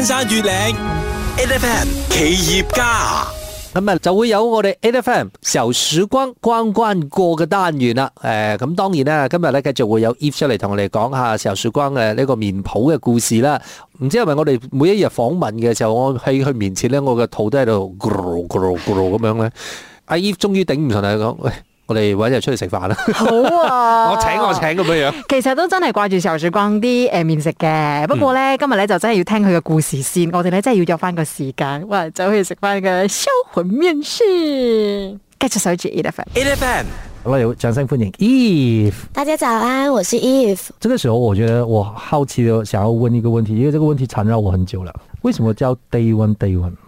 翻山越嶺，F M 企業家咁啊，就會有我哋 F M 小時光關關過嘅單元啦。誒，咁當然啦，今日咧繼續會有 Eve 出嚟同我哋講下小時光誒呢個麵譜嘅故事啦。唔知係咪我哋每一日訪問嘅時候，我喺佢面前咧，我嘅肚都喺度咕嚕咕嚕咕嚕咁樣咧。阿 Eve 終於頂唔順啦，佢講，喂。 我哋揾日出去食飯啦！好啊，我請我請咁樣樣、啊。其實都真係掛住小時光啲誒麵食嘅，不過咧、嗯、今日咧就真係要聽佢嘅故事先。我哋咧真係要約翻個時間，哇，走去食翻個銷魂麵守住 e t 潮 p E a N E a N，好啦、啊，有掌聲歡迎 Eve。大家早安，我是 Eve。這個時候，我覺得我好奇想要問一個問題，因為這個問題纏繞我很久了。為什麼叫 Day One Day One One？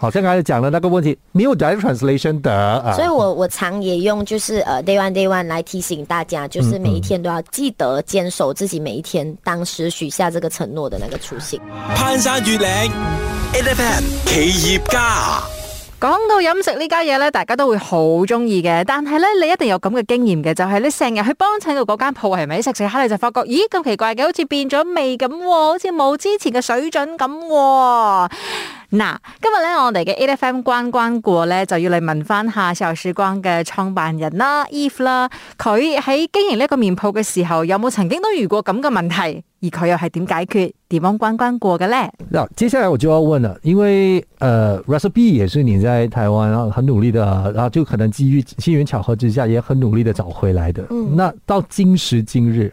好像剛才講了那個問題，沒有 direct translation 得啊。所以我我常也用就是呃 day one day one 來提醒大家，就是每一天都要記得堅守自己每一天當時許下這個承諾的那個初心。攀山越嶺，elephant 企業家。講到飲食呢家嘢呢，大家都會好中意嘅，但係呢，你一定有咁嘅經驗嘅，就係、是、你成日去幫襯到嗰間鋪係咪食食下，你就發覺咦咁奇怪嘅，好似變咗味咁、哦，好似冇之前嘅水準咁。哦。嗱，今日咧，我哋嘅 a d f m 關關過咧，就要嚟問翻下小時光嘅創辦人啦，Eve 啦，佢喺經營呢個麵鋪嘅時候，有冇曾經都遇過咁嘅問題？而佢又係點解決、點樣關關過嘅咧？嗱，接下來我就要問啦，因為誒、呃、Recipe 也是你在台灣啊，很努力的，然後就可能機遇、機緣巧合之下，也很努力的找回來的。嗯，那到今時今日。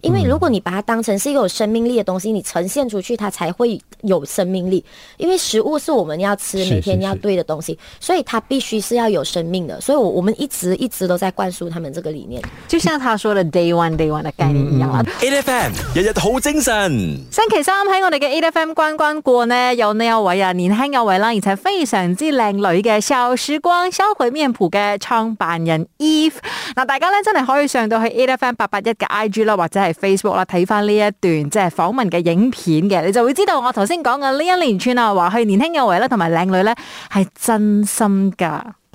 因為如果你把它當成是一個有生命力的東西，嗯、你呈現出去，它才會有生命力。因為食物是我們要吃，每天要對的東西，是是是所以它必須是要有生命的。所以我我們一直一直都在灌輸他們這個理念，就像他說的 day one day one 的概念一樣，嗯嗯、啊。A F M 日日好精神，星期三喺我哋嘅 A F M 觀光過呢，有呢一位啊年輕有為啦，啊，而且非常之靚女嘅小時光銷毀麵譜嘅創辦人 Eve。嗱，大家咧真係可以上到去 A F M 八八一嘅 I G 啦，或者係。Facebook 啦，睇翻呢一段即係訪問嘅影片嘅，你就會知道我頭先講嘅呢一連串啊，話佢年輕有為咧，同埋靚女咧係真心㗎。